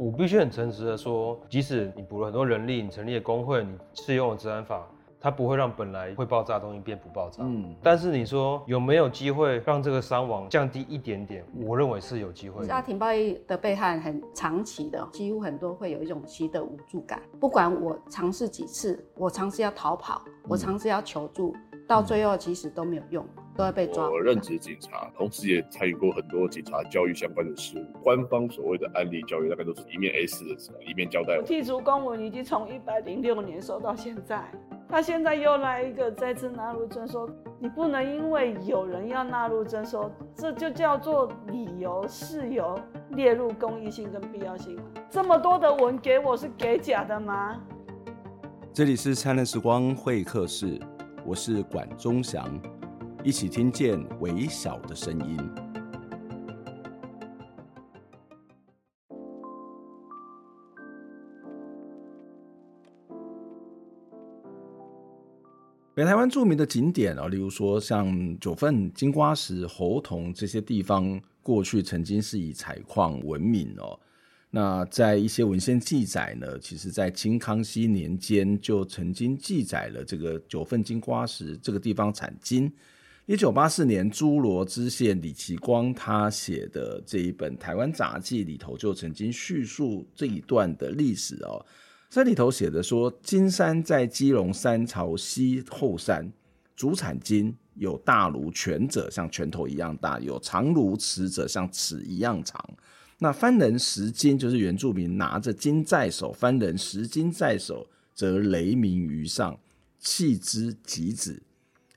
我必須很誠實的說，即使你補了很多人力，你成立了工會，你適用了治安法。它不會讓本來會爆炸的東西變不爆炸。嗯，但是你說有沒有機會讓這個傷亡降低一點點？我認為是有機會有。家庭暴力的被害很長期的，幾乎很多會有一種習得無助感。不管我嘗試幾次，我嘗試要逃跑，我嘗試要求助，到最後其實都沒有用，嗯、都要被抓。我任職警察，同時也參與過很多警察教育相關的事物。官方所謂的案例教育，大概都是一面 A 四一面交代我。我剔除公文已經從一百零六年收到現在。他現在又來一個再次納入徵收，你不能因為有人要納入徵收，這就叫做理由、事由，列入公益性跟必要性。這麼多的文給我是給假的嗎？這裡是燦爛時光會客室，我是管中祥，一起聽見微小的聲音。北台灣著名的景點啊、哦，例如說像九份、金瓜石、猴硐這些地方，過去曾經是以採礦聞名哦。那在一些文獻記載呢，其實在清康熙年間就曾經記載了這個九份金瓜石這個地方產金。一九八四年，諸羅知縣李奇光他寫的這一本《台灣雜記》裡頭，就曾經敘述這一段的歷史哦。這裡頭寫着說，金山在基隆山朝西後山，主產金，有大如拳者，像拳頭一樣大；有長如尺者，像尺一樣長。那番人拾金，就是原住民拿着金在手；番人拾金在手，則雷鳴於上，棄之即止。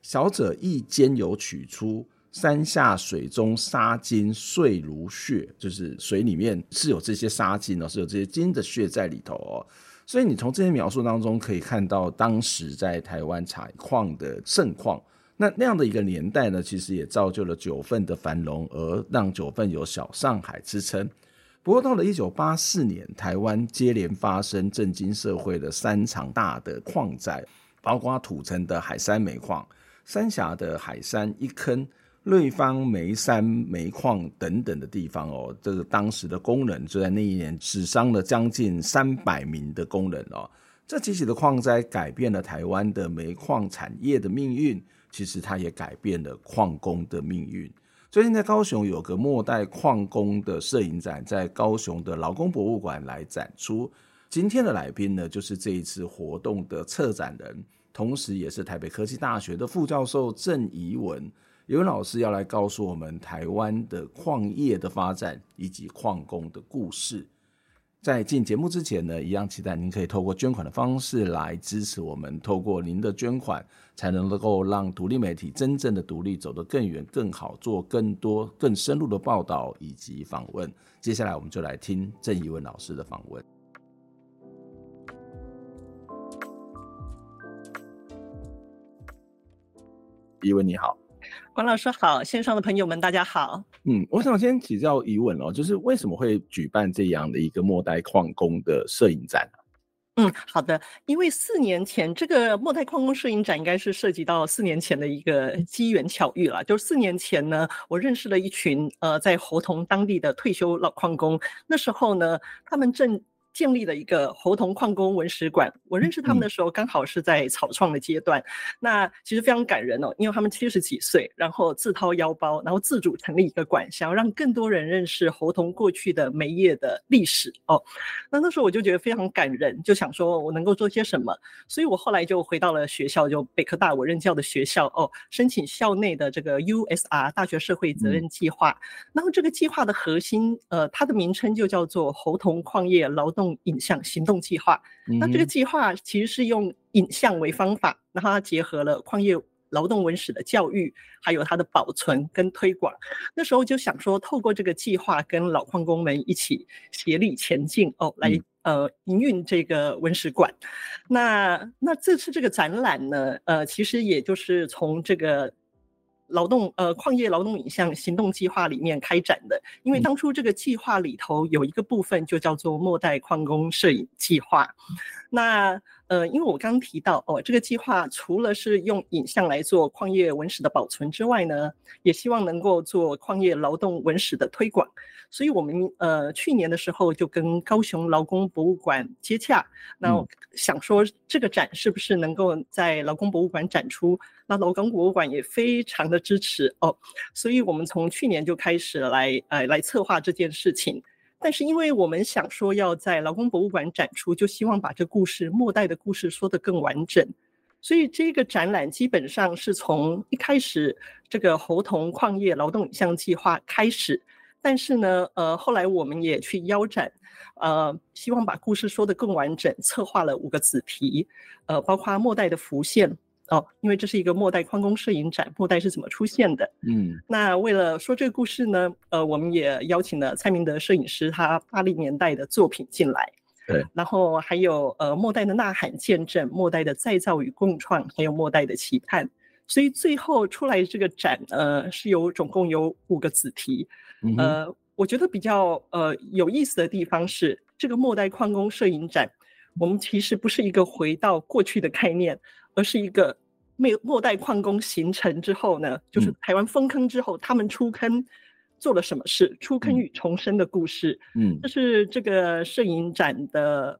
小者亦間有取出，山下水中沙金碎如血，就是水裡面是有這些沙金哦，是有這些金的血在裡頭哦。所以你從這些描述當中可以看到，當時在台灣採礦的盛況。那那樣的一個年代呢，其實也造就了九份的繁榮，而讓九份有小上海之稱。不過到了一九八四年，台灣接連發生震驚社會的三場大的礦災，包括土城的海山煤礦、三峽的海山一坑。瑞芳煤山煤礦等等的地方哦，這個當時的工人就在那一年死傷了將近三百名的工人哦。這幾起的礦災改變了台灣的煤礦產業的命運，其實它也改變了礦工的命運。最近在高雄有個末代礦工的攝影展，在高雄的勞工博物館來展出。今天的來賓呢，就是這一次活動的策展人，同時也是台北科技大學的副教授鄭怡雯。怡雯老師要來告訴我們台灣的礦業的發展以及礦工的故事。在進節目之前呢，一樣期待您可以透過捐款的方式來支持我們。透過您的捐款，才能夠讓獨立媒體真正的獨立，走得更遠、更好，做更多、更深入的報道以及訪問。接下來我們就來聽鄭怡雯老師的訪問。怡雯你好。關老師好，線上的朋友們大家好。嗯，我想先請教一問，哦，就是為什麼會舉辦這樣的一個末代礦工的攝影展？嗯，好的，因為四年前這個末代礦工攝影展應該是涉及到四年前的一個機緣巧遇了，就是四年前呢，我認識了一群呃在猴硐當地的退休老礦工，那時候呢，他們正建立了一個猴硐礦工文史館。我認識他們的時候，剛好是在草創的階段，嗯。那其實非常感人哦，因為他們七十幾歲，然後自掏腰包，然後自主成立一個館，想要讓更多人認識猴硐過去的煤業的歷史哦。那那時候我就覺得非常感人，就想說我能夠做些什麼。所以我後來就回到了學校，就北科大我任教的學校哦，申請校內的這個 USR 大學社會責任計劃，嗯。然後這個計劃的核心，呃，它的名稱就叫做猴硐礦業勞動。用影像行動計劃，那這個計劃其實是用影像為方法，嗯，然後它結合了礦業勞動文史的教育，還有它的保存跟推廣。那時候就想說，透過這個計劃，跟老礦工們一起協力前進哦，來呃營運這個文史館。嗯，那那這次這個展覽呢，呃，其實也就是從這個。勞動呃，礦業勞動影像行動計劃裡面開展的，因為當初這個計劃裡頭有一個部分就叫做“末代礦工攝影計劃”，那。呃，因為我剛剛提到哦，這個計劃除了是用影像來做礦業文史的保存之外呢，也希望能夠做礦業勞動文史的推廣。所以，我們呃去年的時候就跟高雄勞工博物館接洽，那、嗯、想說這個展是不是能夠在勞工博物館展出？那勞工博物館也非常的支持哦，所以我們從去年就開始來呃來策劃這件事情。但是，因為我們想說要在勞工博物館展出，就希望把這故事末代的故事說得更完整，所以這個展覽基本上是從一開始這個猴硐礦業勞動影像計劃開始。但是呢，呃，後來我們也去邀展，呃，希望把故事說得更完整，策劃了五個子題，呃，包括末代的浮現。哦，因為這是一個末代礦工攝影展，末代是怎麼出現的？嗯，那為了說這個故事呢，呃，我們也邀請了蔡明德攝影師他八零年代的作品進來。對、嗯，然後還有呃末代的吶喊見證，末代的再造與共創，還有末代的期盼。所以最後出來這個展呃，是有總共有五個子題。嗯、呃，我覺得比較呃有意思的地方是，這個末代礦工攝影展，我們其實不是一個回到過去的概念。而是一個末末代礦工形成之後呢，就是台灣封坑之後，他們出坑做了什麼事？出坑與重生的故事，嗯，嗯，這是這個攝影展的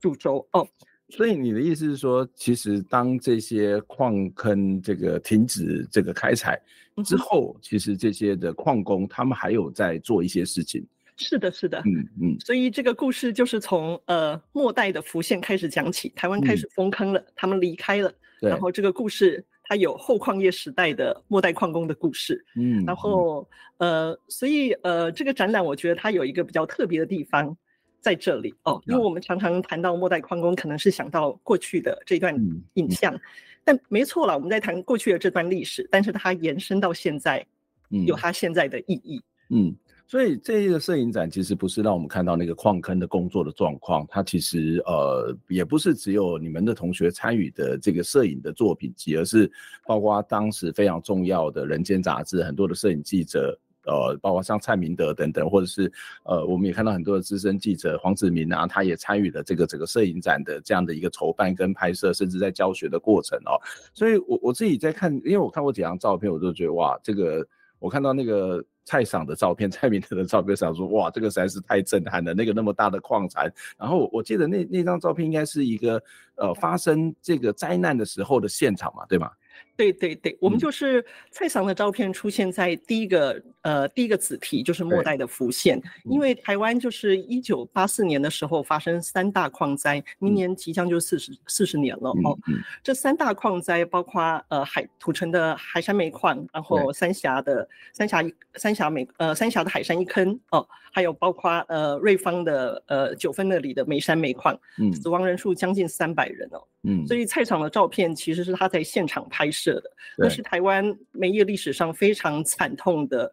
主軸哦。所以你的意思是說，其實當這些礦坑這個停止這個開採之後，嗯，其實這些的礦工他們還有在做一些事情。是的，是的，嗯嗯，所以這個故事就是從呃末代的浮現開始講起，台灣開始封坑了，嗯、他們離開了，對，然後這個故事它有後礦業時代的末代礦工的故事，嗯，然後呃，所以呃這個展覽我覺得它有一個比較特別的地方在這裡哦，因為我們常常談到末代礦工，可能是想到過去的這段影像，嗯嗯、但沒錯了，我們在談過去的這段歷史，但是它延伸到現在，嗯，有它現在的意義，嗯。嗯所以這一個攝影展其實不是讓我們看到那個礦坑的工作的狀況，它其實呃也不是只有你們的同學參與的這個攝影的作品集，而是包括當時非常重要的人間雜誌很多的攝影記者，呃，包括像蔡明德等等，或者是呃我們也看到很多的資深記者黃子明啊，他也參與了這個整個攝影展的這樣的一個籌辦跟拍攝，甚至在教學的過程哦。所以我我自己在看，因為我看過幾張照片，我就覺得哇，這個我看到那個。蔡桑的照片，蔡明德的照片，想說哇，這個實在是太震撼了。那個那麼大的礦產，然後我記得那那張照片應該是一個呃發生這個災難的時候的現場嘛，對吧？對對對，我們就是蔡桑的照片出現在第一個、嗯、呃第一個子題就是末代的浮現，嗯、因為台灣就是一九八四年的時候發生三大礦災，明年即將就四十四十、嗯、年了哦、嗯嗯。這三大礦災包括呃海土城的海山煤礦，然後三峽的、嗯、三峽三峽煤呃三峽的海山一坑哦，還有包括呃瑞芳的呃九份那裡的煤山煤礦、嗯，死亡人數將近三百人哦。嗯、所以蔡桑的照片其實是他在現場拍攝。那是台灣煤業歷史上非常慘痛的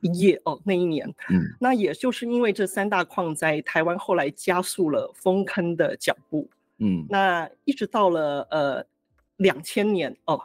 一夜哦，那一年，嗯、那也就是因為這三大礦災，台灣後來加速了封坑的腳步。嗯，那一直到了呃兩千年哦，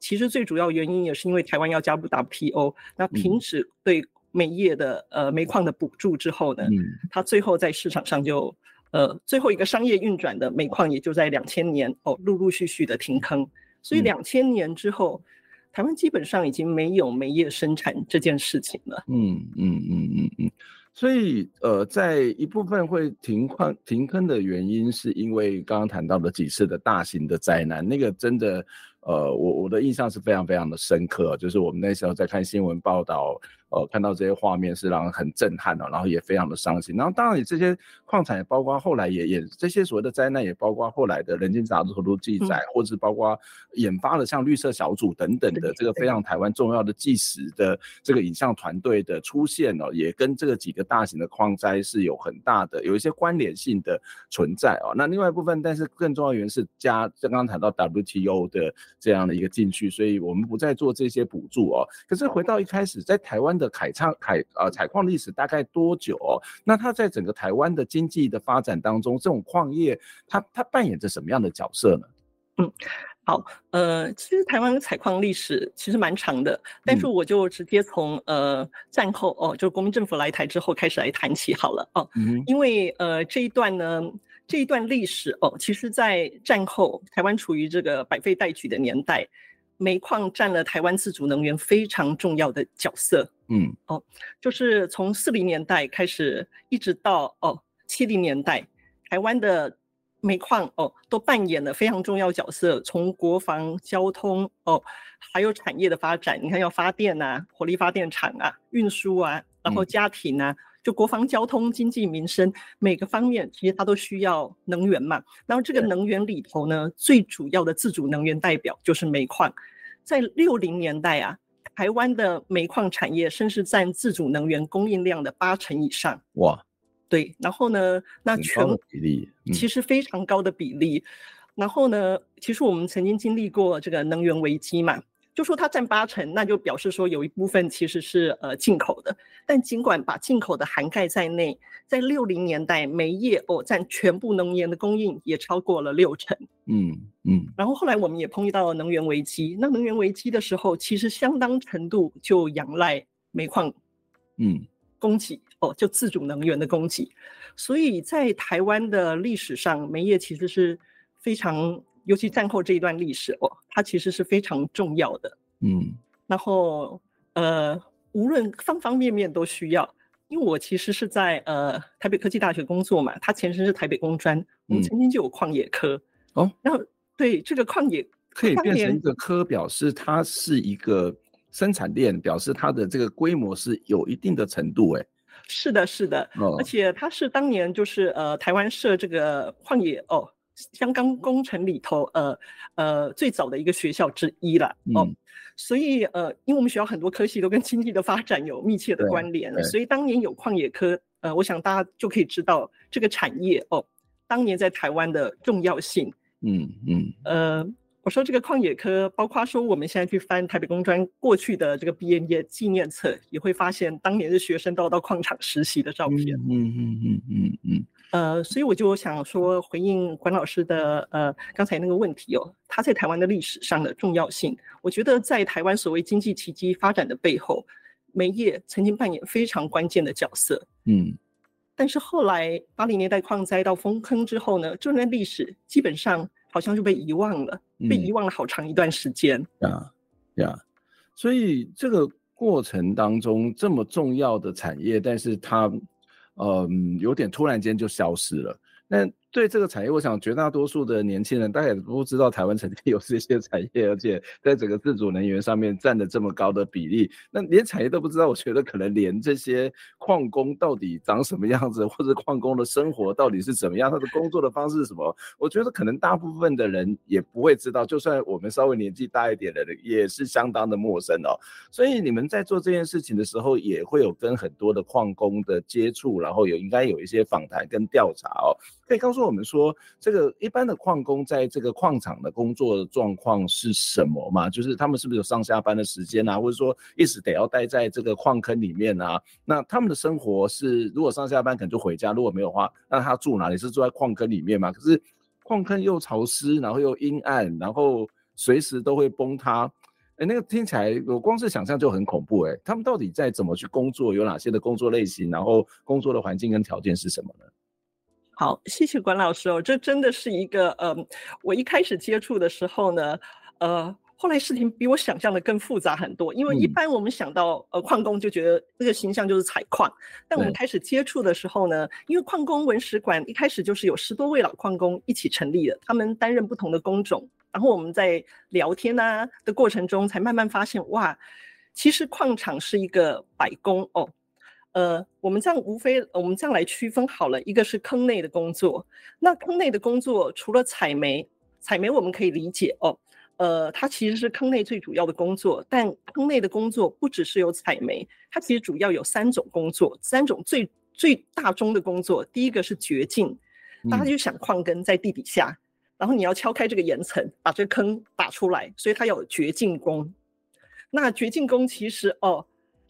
其實最主要原因也是因為台灣要加入 WTO，嗯、那停止對煤業的呃煤礦的補助之後呢，嗯、它最後在市場上就呃最後一個商業運轉的煤礦也就在兩千年哦，陸陸續續的停坑。所以兩千年之後，嗯、台灣基本上已經沒有煤業生產這件事情了。嗯嗯嗯嗯嗯。所以呃，在一部分會停礦停坑的原因，是因為剛剛談到了幾次的大型的災難。那個真的，呃，我我的印象是非常非常的深刻，就是我們那時候在看新聞報道。呃，看到這些畫面是讓人很震撼的，哦，然後也非常的傷心。然後當然也這些礦產，也包括後來也也這些所謂的災難，也包括後來的人間雜誌很多記載，嗯，或者是包括研發的像綠色小組等等的這個非常台灣重要的紀實的這個影像團隊的出現哦，嗯，也跟這個幾個大型的礦災是有很大的有一些關聯性的存在哦。那另外一部分，但是更重要的原因是加，剛剛談到 WTO 的這樣的一個進去，所以我們不再做這些補助哦。可是回到一開始，嗯、在台灣。的凱礦凱呃採礦歷史大概多久？那它在整個台灣的經濟的發展當中，這種礦業它它扮演着什麼樣的角色呢？嗯，好，呃，其實台灣的採礦歷史其實蠻長的，但是我就直接從呃戰後哦，就國民政府來台之後開始來談起好了哦，因為呃這一段呢這一段歷史哦，其實在戰後台灣處於這個百廢待舉的年代。煤礦占了台灣自主能源非常重要的角色。嗯，哦，就是從四零年代開始，一直到哦七零年代，台灣的煤礦哦都扮演了非常重要角色。從國防、交通哦，還有產業的發展，你看要發電吶、啊，火力發電廠啊，運輸啊，然後家庭啊。嗯就國防、交通、經濟、民生每個方面，其實它都需要能源嘛。然後這個能源裡頭呢，嗯、最主要的自主能源代表就是煤礦。在六零年代啊，台灣的煤礦產業甚至占自主能源供應量的八成以上。哇，對。然後呢，那全比例、嗯、其實非常高的比例。然後呢，其實我們曾經經歷過這個能源危機嘛。就說它占八成，那就表示說有一部分其實是呃進口的。但儘管把進口的涵蓋在內，在六零年代，煤業哦占全部能源的供應也超過了六成。嗯嗯。然後後來我們也碰遇到了能源危機，那能源危機的時候，其實相當程度就仰賴煤礦，嗯，供給哦就自主能源的供給。所以在台灣的歷史上，煤業其實是非常。尤其戰後這一段歷史哦，它其實是非常重要的。嗯，然後呃，無論方方面面都需要，因為我其實是在呃台北科技大學工作嘛，它前身是台北工專，我們曾經就有礦冶科，嗯。哦，然後對這個礦冶可以變成一個科，呃，表示它是一個生產鏈，表示它的這個規模是有一定的程度，欸。哎，是的，是的，哦。而且它是當年就是呃台灣設這個礦冶哦。香港工程裡頭，呃，呃，最早的一個學校之一了、嗯、哦。所以，呃，因為我們學校很多科系都跟經濟的發展有密切的關聯，所以當年有礦業科，呃，我想大家就可以知道這個產業哦，當年在台灣的重要性。嗯嗯。呃，我說這個礦業科，包括說我們現在去翻台北工專過去的這個畢業紀念冊，也會發現當年的學生都要到礦場實習的照片。嗯嗯嗯嗯嗯。嗯嗯嗯嗯呃，所以我就想說回應管老師的呃剛才那個問題哦，他在台灣的歷史上的重要性，我覺得在台灣所謂經濟奇蹟發展的背後，煤業曾經扮演非常關鍵的角色，嗯，但是後來八零年代礦災到封坑之後呢，這段歷史基本上好像就被遺忘了，嗯、被遺忘了好長一段時間，啊、嗯，對、嗯、所以這個過程當中這麼重要的產業，但是它。嗯，有點突然間就消失了。那。對這個產業，我想絕大多數的年輕人，大家也不知道台灣曾經有這些產業，而且在整個自主能源上面占了這麼高的比例。那連產業都不知道，我覺得可能連這些礦工到底長什麼樣子，或者礦工的生活到底是怎麼樣，他的工作的方式是什麼，我覺得可能大部分的人也不會知道。就算我們稍微年紀大一點的人，也是相當的陌生哦。所以你們在做這件事情的時候，也會有跟很多的礦工的接觸，然後有應該有一些訪談跟調查哦，可以告訴。所以我們說，這個一般的礦工在這個礦場的工作狀況是什麼嘛？就是他們是不是有上下班的時間啊？或者說一直得要待在這個礦坑裡面啊？那他們的生活是，如果上下班可能就回家，如果沒有話，那他住哪裡？是住在礦坑裡面嘛？可是礦坑又潮濕，然後又陰暗，然後隨時都會崩塌。欸，那個聽起來我光是想象就很恐怖欸。他們到底在怎麼去工作？有哪些的工作類型？然後工作的環境跟條件是什麼呢？好，謝謝管老師哦。這真的是一個，呃，我一開始接觸的時候呢，呃，後來事情比我想象的更複雜很多。因為一般我們想到、嗯、呃礦工，就覺得這個形象就是採礦，但我們開始接觸的時候呢、嗯，因為礦工文史館一開始就是有十多位老礦工一起成立的，他們擔任不同的工種，然後我們在聊天啊的過程中，才慢慢發現，哇，其實礦場是一個百工哦。呃，我們這樣無非，我們這樣來區分好了，一個是坑內的工作。那坑內的工作除了採煤，採煤我們可以理解哦。呃，它其實是坑內最主要的工作。但坑內的工作不只是有採煤，它其實主要有三種工作，三種最最大宗的工作。第一個是掘進，大家就想礦根在地底下、嗯，然後你要敲開這個岩層，把這個坑打出來，所以它有掘進工。那掘進工其實哦。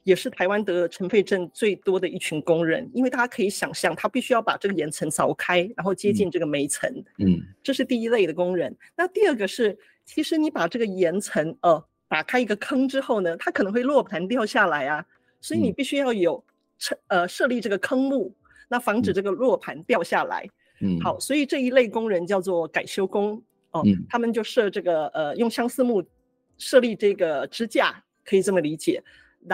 也是台灣的塵肺症最多的一群工人，因為大家可以想象，他必須要把這個岩層鑿開，然後接近這個煤層，嗯，這是第一類的工人。那第二個是，其實你把這個岩層呃打開一個坑之後呢，它可能會落盤掉下來啊，所以你必須要有設、嗯、呃設立這個坑木，那防止這個落盤掉下來，嗯，好，所以這一類工人叫做改修工哦、呃嗯，他們就設這個呃用相思木設立這個支架，可以這麼理解。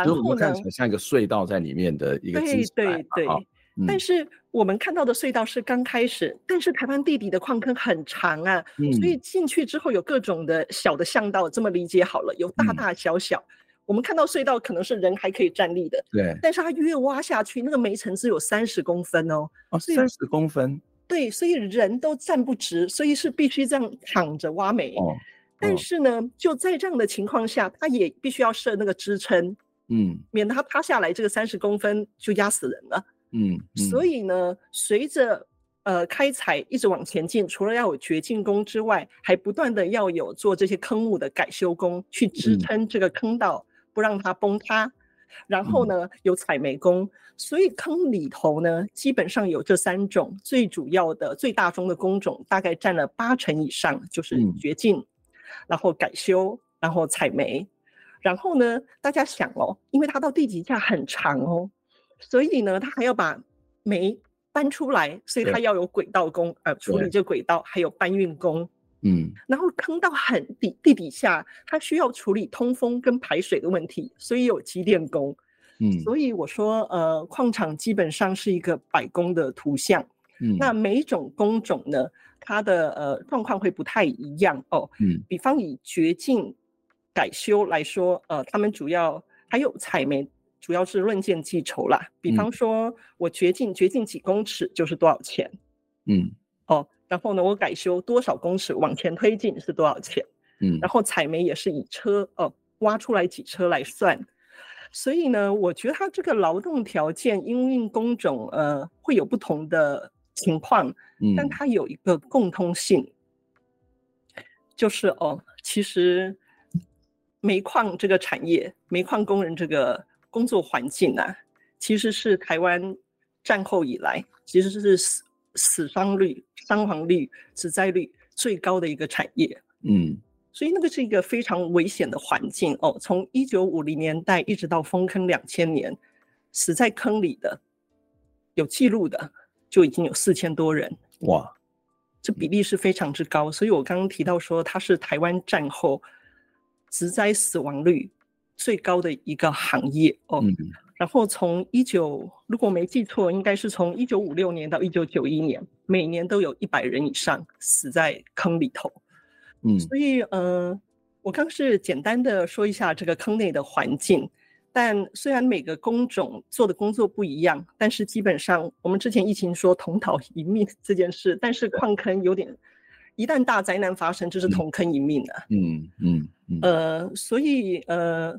所以我們看起來像一個隧道在裡面的一個對對對、哦嗯，但是我們看到的隧道是剛開始，但是台灣地底的礦坑很長啊，嗯、所以進去之後有各種的小的巷道，這麼理解好了，有大大小小、嗯。我們看到隧道可能是人還可以站立的，對。但是它越挖下去，那個煤層只有三十公分哦。哦、三十公分。對，所以人都站不直，所以是必須這樣躺着挖煤。哦、但是呢、哦，就在這樣的情況下，它也必須要設那個支撐。嗯，免得它塌下來，這個三十公分就壓死人了嗯。嗯，所以呢，隨着呃開採一直往前進，除了要有掘進工之外，還不斷的要有做這些坑木的改修工去支撐這個坑道，嗯、不讓它崩塌。然後呢，有採煤工，所以坑裡頭呢，基本上有這三種最主要的、最大宗的工種，大概佔了八成以上，就是掘進、嗯，然後改修，然後採煤。然後呢，大家想哦，因為它到地底下很長哦，所以呢，它還要把煤搬出來，所以它要有軌道工，呃，處理這軌道，還有搬運工，嗯，然後坑道很底地，地底下，它需要處理通風跟排水的問題，所以有機電工，嗯，所以我說，呃，礦場基本上是一個百工的圖像，嗯，那每一種工種呢，它的呃狀況會不太一樣哦，嗯，比方以掘進。改修來說，呃，他們主要還有採煤，主要是論件計酬啦。比方說我，我掘進掘進幾公尺就是多少錢，嗯，哦，然後呢，我改修多少公尺往前推進是多少錢，嗯，然後採煤也是以車哦、呃、挖出來幾車來算。所以呢，我覺得他這個勞動條件因工種呃會有不同的情況，嗯，但他有一個共通性，嗯、就是哦，其實。煤礦這個產業，煤礦工人這個工作環境啊，其實是台灣戰後以來，其實是死死傷率、傷亡率、死在率最高的一個產業。嗯，所以那個是一個非常危險的環境哦。從一九五零年代一直到封坑兩千年，死在坑裡的有記錄的就已經有四千多人。哇，這比例是非常之高。所以我剛剛提到說，它是台灣戰後。職災死亡率最高的一個行業哦，然後從一九、如果沒記錯，應該是從一九五六年到一九九一年，每年都有一百人以上死在坑裡頭。嗯，所以嗯、呃，我剛是簡單的說一下這個坑內的環境，但雖然每個工種做的工作不一樣，但是基本上我們之前疫情說同討一命這件事，但是礦坑有點。一旦大災難發生，就是同坑一命啊。嗯嗯，嗯。呃，所以呃，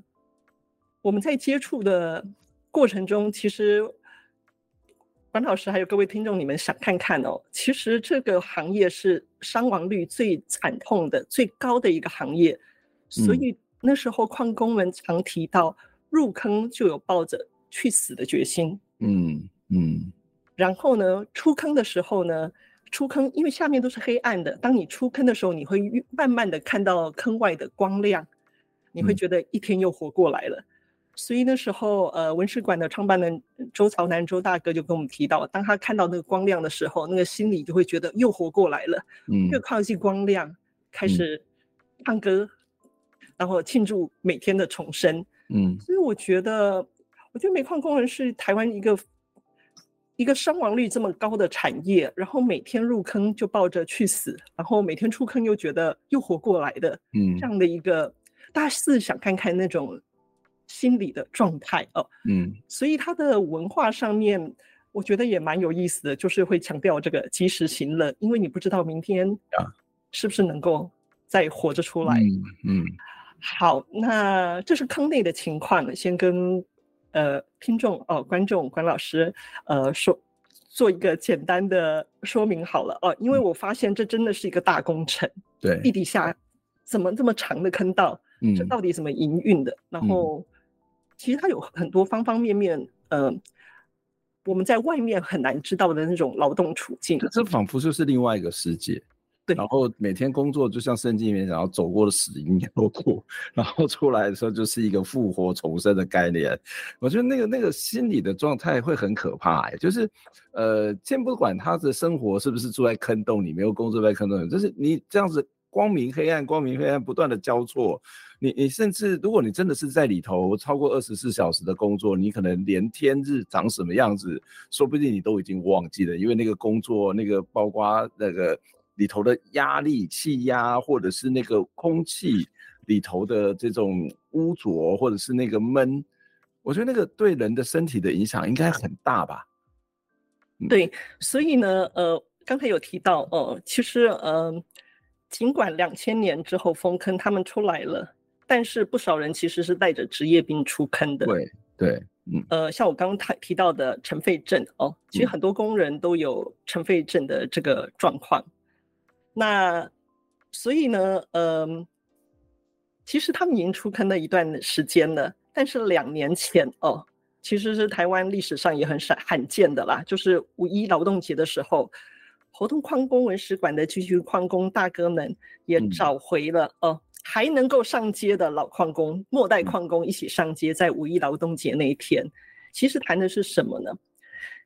我們在接觸的過程中，其實管老師還有各位聽眾，你們想看看哦，其實這個行業是傷亡率最慘痛的、最高的一個行業。所以那時候礦工們常提到，入坑就有抱着去死的決心。嗯嗯。然後呢，出坑的時候呢？出坑，因為下面都是黑暗的。當你出坑的時候，你會慢慢的看到坑外的光亮，你會覺得一天又活過來了。嗯，所以那時候，呃，文史館的創辦人周朝南周大哥就跟我們提到，當他看到那個光亮的時候，那個心裡就會覺得又活過來了，嗯，又靠近光亮，開始唱歌，嗯，然後慶祝每天的重生。嗯，所以我覺得，我覺得煤礦工人是台灣一個。一個傷亡率這麼高的產業，然後每天入坑就抱着去死，然後每天出坑又覺得又活過來的，嗯，這樣的一個，大四想看看那種心理的狀態哦，嗯，所以他的文化上面，我覺得也蠻有意思的，就是會強調這個及時行樂，因為你不知道明天啊是不是能夠再活着出來。嗯，嗯，好，那這是坑內的情況，先跟。呃，聽眾哦，觀眾，管老師，呃，說做一個簡單的說明好了哦，呃，因為我發現這真的是一個大工程，對，嗯，地底下怎麼這麼長的坑道，嗯，這到底怎麼營運的，嗯？然後，其實它有很多方方面面，呃，我們在外面很難知道的那種勞動處境，啊，這仿佛就是另外一個世界。對，然後每天工作就像聖經裡面講，要走過死蔭幽谷，然後出來的時候就是一個復活重生的概念。我覺得那個那個心理的狀態會很可怕、欸，就是，呃，先不管他的生活是不是住在坑洞裡，沒有工作在坑洞裡，就是你這樣子光明黑暗、光明黑暗不斷的交錯。你你甚至如果你真的是在裡頭超過二十四小時的工作，你可能連天日長什麼樣子，說不定你都已經忘記了，因為那個工作那個包括那個。裡頭的壓力、氣壓，或者是那個空氣裡頭的這種污濁，或者是那個悶，我覺得那個對人的身體的影響應該很大吧？嗯、對，所以呢，呃，剛才有提到哦、呃，其實呃，儘管兩千年之後封坑他們出來了，但是不少人其實是帶着職業病出坑的。對對，嗯，呃，像我剛才提到的塵肺症哦、呃，其實很多工人都有塵肺症的這個狀況。嗯那，所以呢，嗯、呃，其實他們已經出坑了一段時間了。但是兩年前哦，其實是台灣歷史上也很少罕見的啦，就是五一勞動節的時候，猴硐礦工文史館的這些礦工大哥們也找回了、嗯、哦，還能夠上街的老礦工、末代礦工一起上街，在五一勞動節那一天，其實談的是什麼呢？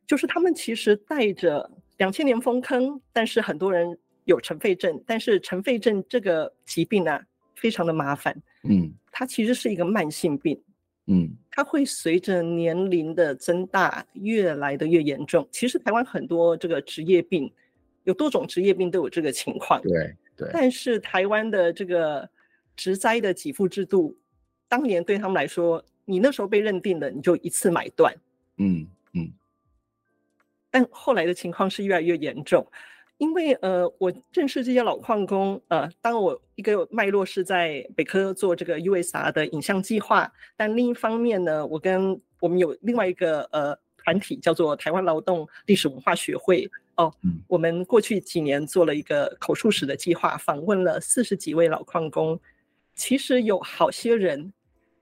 就是他們其實帶着兩千年封坑，但是很多人。有塵肺症，但是塵肺症這個疾病呢、啊，非常的麻煩。嗯，它其實是一個慢性病。嗯，它會隨着年齡的增大越來的越嚴重。其實台灣很多這個職業病，有多種職業病都有這個情況。對對。但是台灣的這個職災的給付制度，當年對他們來說，你那時候被認定的，你就一次買斷。嗯嗯。但後來的情況是越來越嚴重。因為呃，我認識這些老礦工。呃，當我一個脈絡是在北科做這個 USR 的影像計劃，但另一方面呢，我跟我們有另外一個呃團體叫做台灣勞動歷史文化學會。哦，我們過去幾年做了一個口述史的計劃，訪問了四十幾位老礦工。其實有好些人，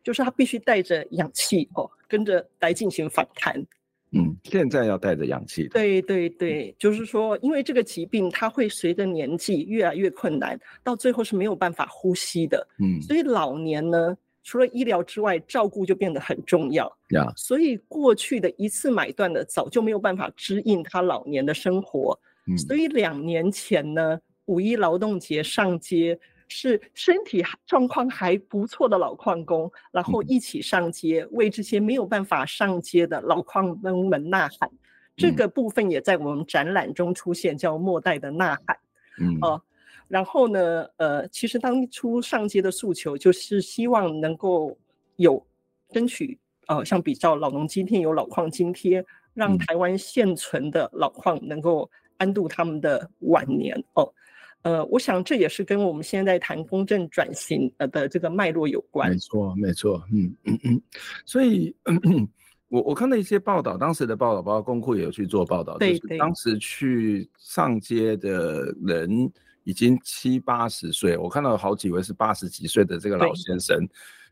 就是他必須帶着氧氣哦，跟着來進行訪談。嗯，現在要帶着氧氣。對對對，就是說，因為這個疾病，它會隨着年紀越來越困難，到最後是沒有辦法呼吸的。嗯，所以老年呢，除了醫療之外，照顧就變得很重要。呀，所以過去的一次買斷的，早就沒有辦法支應他老年的生活，嗯。所以兩年前呢，五一勞動節上街，是身體狀況還不錯的老礦工，然後一起上街為這些沒有辦法上街的老礦工們吶喊，這個部分也在我們展覽中出現，叫《末代的吶喊》呃。哦，然後呢，呃，其實當初上街的訴求就是希望能夠有爭取，呃，像比較老農津貼有老礦津貼，讓台灣現存的老礦能夠安度他們的晚年。哦、呃。呃，我想這也是跟我們現在談公正轉型呃的這個脈絡有關。沒錯，沒錯，嗯嗯嗯，所以，咳咳我我看到一些報道，當時的報道，包括公庫也有去做報道，對。就是、當時去上街的人已經七八十歲，我看到好幾位是八十幾歲的這個老先生。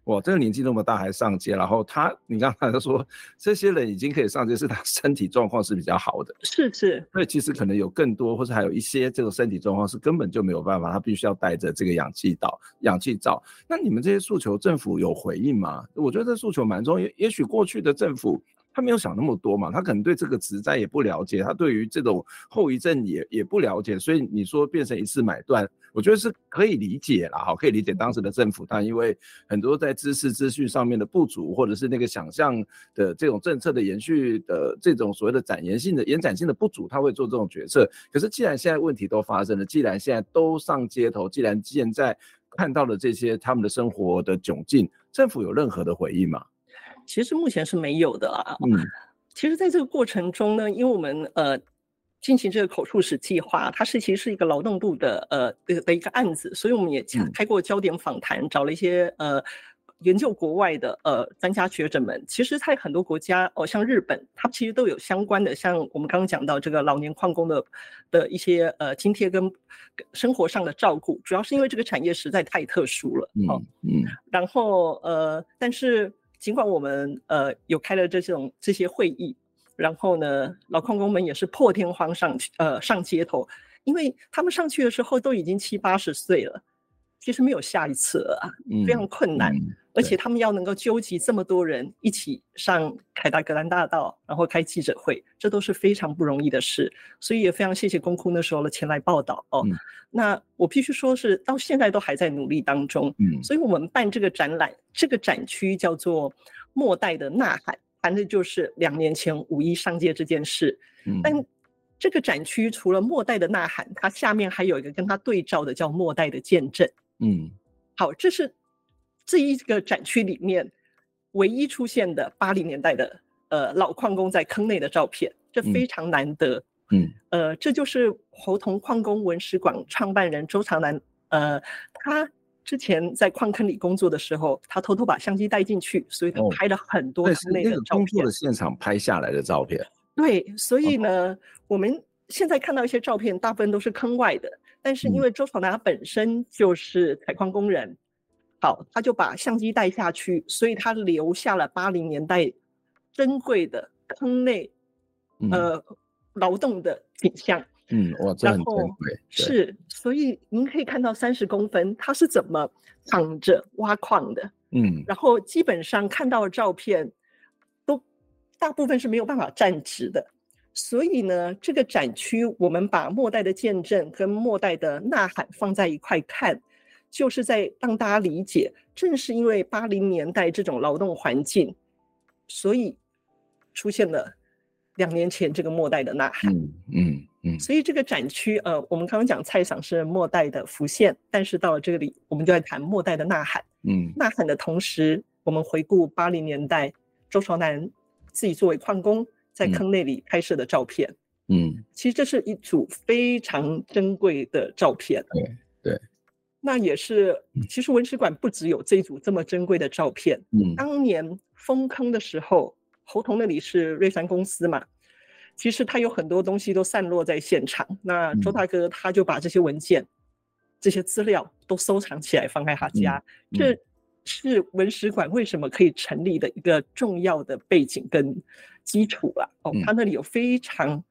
哇，這個年紀那麼大還上街，然後他，你剛才說這些人已經可以上街，是他身體狀況是比較好的？是是。所以其實可能有更多，或者還有一些這個身體狀況是根本就沒有辦法，他必須要帶着這個氧氣罩，氧氣罩。那你們這些訴求，政府有回應嗎？我覺得這訴求蠻重要，也許過去的政府。他沒有想那麼多嘛，他可能對這個職災也不了解，他對於這種後遺症也也不了解，所以你說變成一次買斷，我覺得是可以理解啦，哈，可以理解當時的政府，但因為很多在知識資訊上面的不足，或者是那個想象的這種政策的延續的這種所謂的展延性的延展性的不足，他會做這種決策。可是既然現在問題都發生了，既然現在都上街頭，既然現在看到了這些他們的生活的窘境，政府有任何的回應嗎？其實目前是沒有的啊。嗯，其實在這個過程中呢，因為我們呃進行這個口述史計劃，它是其實是一個勞動部的呃的的一個案子，所以我們也開過焦點訪談，找了一些呃研究國外的呃專家學者們。其實，在很多國家，哦，像日本，它其實都有相關的，像我們剛剛講到這個老年礦工的的一些呃津貼跟生活上的照顧，主要是因為這個產業實在太特殊了。嗯嗯。然後呃，但是。儘管我們呃有開了這種這些會議，然後呢，老礦工們也是破天荒上去呃上街頭，因為他們上去的時候都已經七八十歲了。其實沒有下一次了啊，嗯、非常困難、嗯，而且他們要能夠糾集這麼多人一起上凱達格蘭大道，然後開記者會，這都是非常不容易的事。所以也非常謝謝公庫那時候了前來報道哦、嗯。那我必須說是到現在都還在努力當中、嗯。所以我們辦這個展覽，這個展區叫做《末代的吶喊》，反正就是兩年前五一上街這件事、嗯。但這個展區除了《末代的吶喊》，它下面還有一個跟它對照的，叫《末代的見證》。嗯，好，這是這一個展區裡面唯一出現的八零年代的呃老礦工在坑內的照片，這非常難得。嗯，嗯呃，這就是猴硐礦工文史館創辦人周長南，呃，他之前在礦坑裡工作的時候，他偷偷把相機帶進去，所以他拍了很多坑內的照片。哦、那個工作的現場拍下來的照片。對，所以呢，哦、我們現在看到一些照片，大部分都是坑外的。但是因為周朝南他本身就是採礦工人、嗯，好，他就把相機帶下去，所以他留下了八零年代珍貴的坑內、嗯，呃，勞動的景象。嗯，哇，然後這很珍貴。是，所以您可以看到三十公分，他是怎麼躺着挖礦的。嗯，然後基本上看到的照片，都大部分是沒有辦法站直的。所以呢，這個展區我們把《末代的見證》跟《末代的吶喊》放在一塊看，就是在讓大家理解，正是因為八零年代這種勞動環境，所以出現了兩年前這個《末代的吶喊》嗯。嗯嗯。所以這個展區，呃，我們剛剛講採場是末代的浮現，但是到了這裡，我們就在談末代的吶喊。嗯。吶喊的同時，我們回顧八零年代，周朝南自己作為礦工。在坑那裡拍攝的照片，嗯，其實這是一組非常珍貴的照片。對、嗯、對，那也是，其實文史館不只有這一組這麼珍貴的照片。嗯，當年封坑的時候，猴硐那裡是瑞山公司嘛，其實他有很多東西都散落在現場。那周大哥他就把這些文件、嗯、這些資料都收藏起來，放在他家。嗯嗯是文史館為什麼可以成立的一個重要的背景跟基礎了。啊、哦，他那裡有非常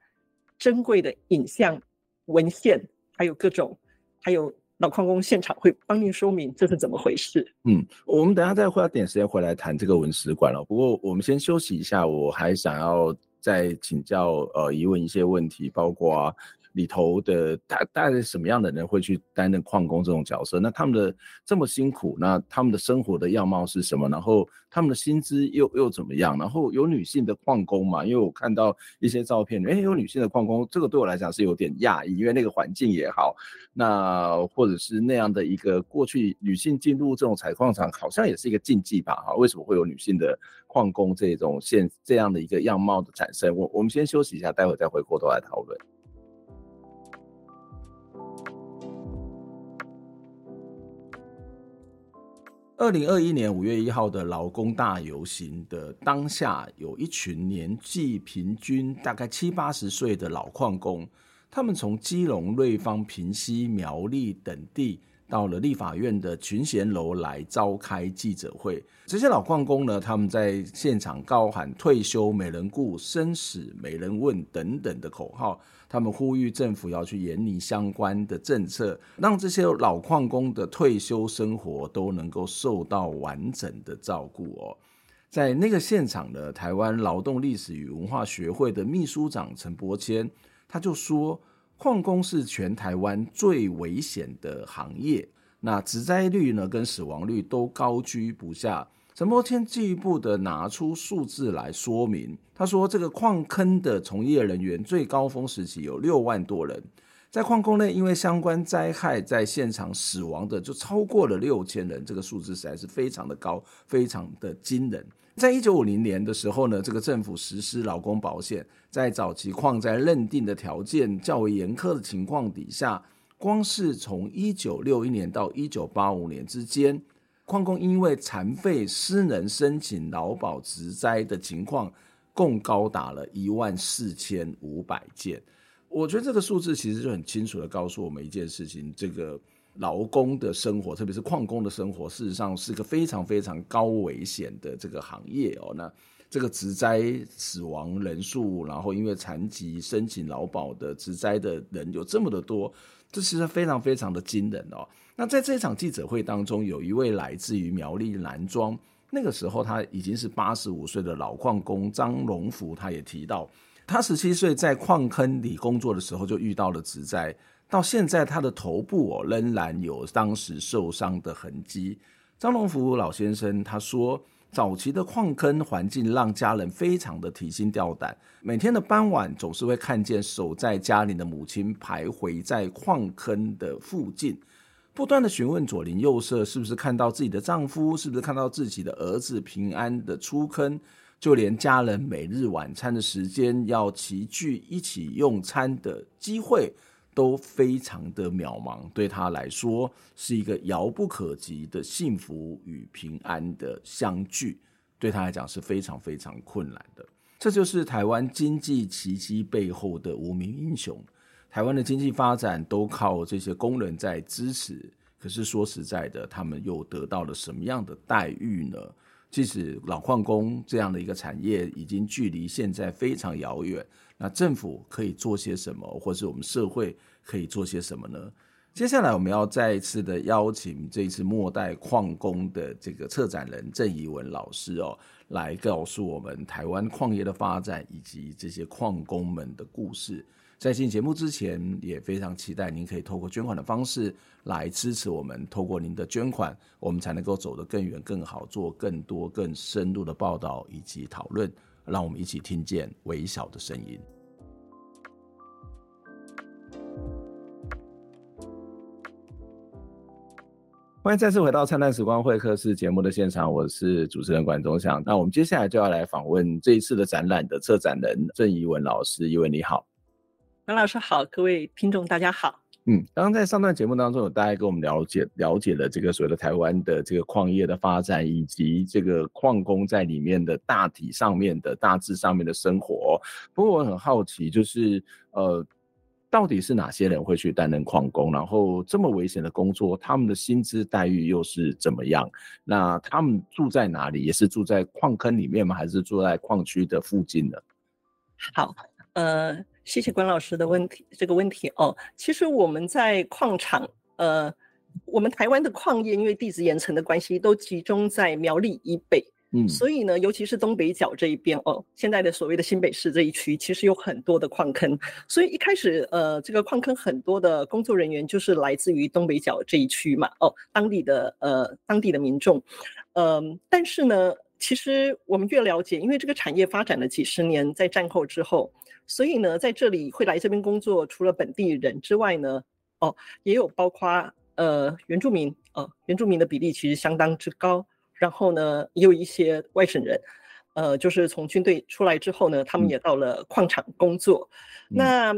珍貴的影像、文獻，還有各種，還有老礦工現場會幫您說明這是怎麼回事。嗯，我們等下再花點時間回來談這個文史館了。不過我們先休息一下，我還想要再請教呃，疑問一些問題，包括、啊裡頭的大，大概什麼樣的人會去擔任礦工這種角色？那他們的這麼辛苦，那他們的生活的樣貌是什麼？然後他們的薪資又又怎麼樣？然後有女性的礦工嗎？因為我看到一些照片，誒，有女性的礦工，這個對我來講是有點訝異，因為那個環境也好，那或者是那樣的一個過去女性進入這種採礦場好像也是一個禁忌吧？哈，為什麼會有女性的礦工這種現這樣的一個樣貌的產生？我我們先休息一下，待會再回過頭來討論。二零二一年五月一號的勞工大遊行的當下，有一群年紀平均大概七八十歲的老礦工，他們從基隆、瑞芳、平溪、苗栗等地，到了立法院的群賢樓來召開記者會。這些老礦工呢，他們在現場高喊“退休沒人顧」、「生死沒人問”等等的口號。他們呼籲政府要去研擬相關的政策，讓這些老礦工的退休生活都能夠受到完整的照顧哦。在那個現場的台灣勞動歷史與文化學會的秘書長陳柏謙，他就說，礦工是全台灣最危險的行業，那職災率呢，跟死亡率都高居不下。陳波天進一步的拿出數字來說明，他說：“這個礦坑的從業人員最高峰時期有六萬多人，在礦工內因為相關災害在現場死亡的就超過了六千人，這個數字實在是非常的高，非常的驚人。在一九五零年的時候呢，這個政府實施勞工保險，在早期礦災認定的條件較為嚴苛的情況底下，光是從一九六一年到一九八五年之間。”礦工因為殘廢、失能，申請勞保職災的情況，共高達了一萬四千五百件。我覺得這個數字其實就很清楚地告訴我們一件事情，這個勞工的生活，特別是礦工的生活，事實上是一個非常非常高危險的這個行業哦。那這個職災死亡人數，然後因為殘疾申請勞保的職災的人有這麼的多。這其實非常非常的驚人哦。那在這場記者會當中，有一位來自於苗栗南莊，那個時候他已經是八十五歲的老礦工張榮福，他也提到，他十七歲在礦坑裡工作的時候就遇到了職災，到現在他的頭部哦仍然有當時受傷的痕跡。張榮福老先生他說早期的礦坑環境讓家人非常的提心吊膽，每天的傍晚總是會看見守在家裡的母親徘徊在礦坑的附近，不斷的詢問左鄰右舍是不是看到自己的丈夫，是不是看到自己的兒子平安的出坑，就連家人每日晚餐的時間要齊聚一起用餐的機會，都非常的渺茫，對他來說是一個遙不可及的幸福與平安的相聚，對他來講是非常非常困難的。這就是台灣經濟奇蹟背後的無名英雄。台灣的經濟發展都靠這些工人在支持，可是說實在的，他們又得到了什麼樣的待遇呢？即使老礦工這樣的一個產業已經距離現在非常遙遠，那政府可以做些什麼，或者是我們社會可以做些什麼呢？接下來我們要再一次的邀請這一次末代礦工的這個策展人鄭怡雯老師哦，來告訴我們台灣礦業的發展以及這些礦工們的故事。在進節目之前，也非常期待您可以透過捐款的方式來支持我們。透過您的捐款，我們才能夠走得更遠、更好，做更多、更深度的報道以及討論。讓我們一起聽見微小的聲音。歡迎再次回到《燦爛時光會客室》節目的現場，我是主持人管中祥。那我們接下來就要來訪問這一次的展覽的策展人鄭怡雯老師。怡雯，你好。管老師好，各位聽眾大家好。嗯，剛剛在上段節目當中，有大家跟我們了解、了解了這個所謂的台灣的這個礦業的發展，以及這個礦工在裡面的大體上面的大致上面的生活。不過我很好奇，就是呃，到底是哪些人會去擔任礦工？然後這麼危險的工作，他們的薪資待遇又是怎麼樣？那他們住在哪裡？也是住在礦坑裡面嗎？還是住在礦區的附近呢？好，呃。謝謝關老師的問題，這個問題哦，其實我們在礦場，呃，我們台灣的礦業因為地質岩層的關係，都集中在苗栗以北，嗯，所以呢，尤其是東北角這一邊哦，現在的所謂的新北市這一區，其實有很多的礦坑，所以一開始，呃，這個礦坑很多的工作人員就是來自於東北角這一區嘛，哦，當地的呃當地的民眾，嗯，呃，但是呢，其實我們越了解，因為這個產業發展了幾十年，在戰後之後。所以呢，在這裡會來這邊工作，除了本地人之外呢，哦，也有包括呃原住民啊、呃，原住民的比例其實相當之高。然後呢，也有一些外省人，呃，就是從軍隊出來之後呢，他們也到了礦場工作。嗯、那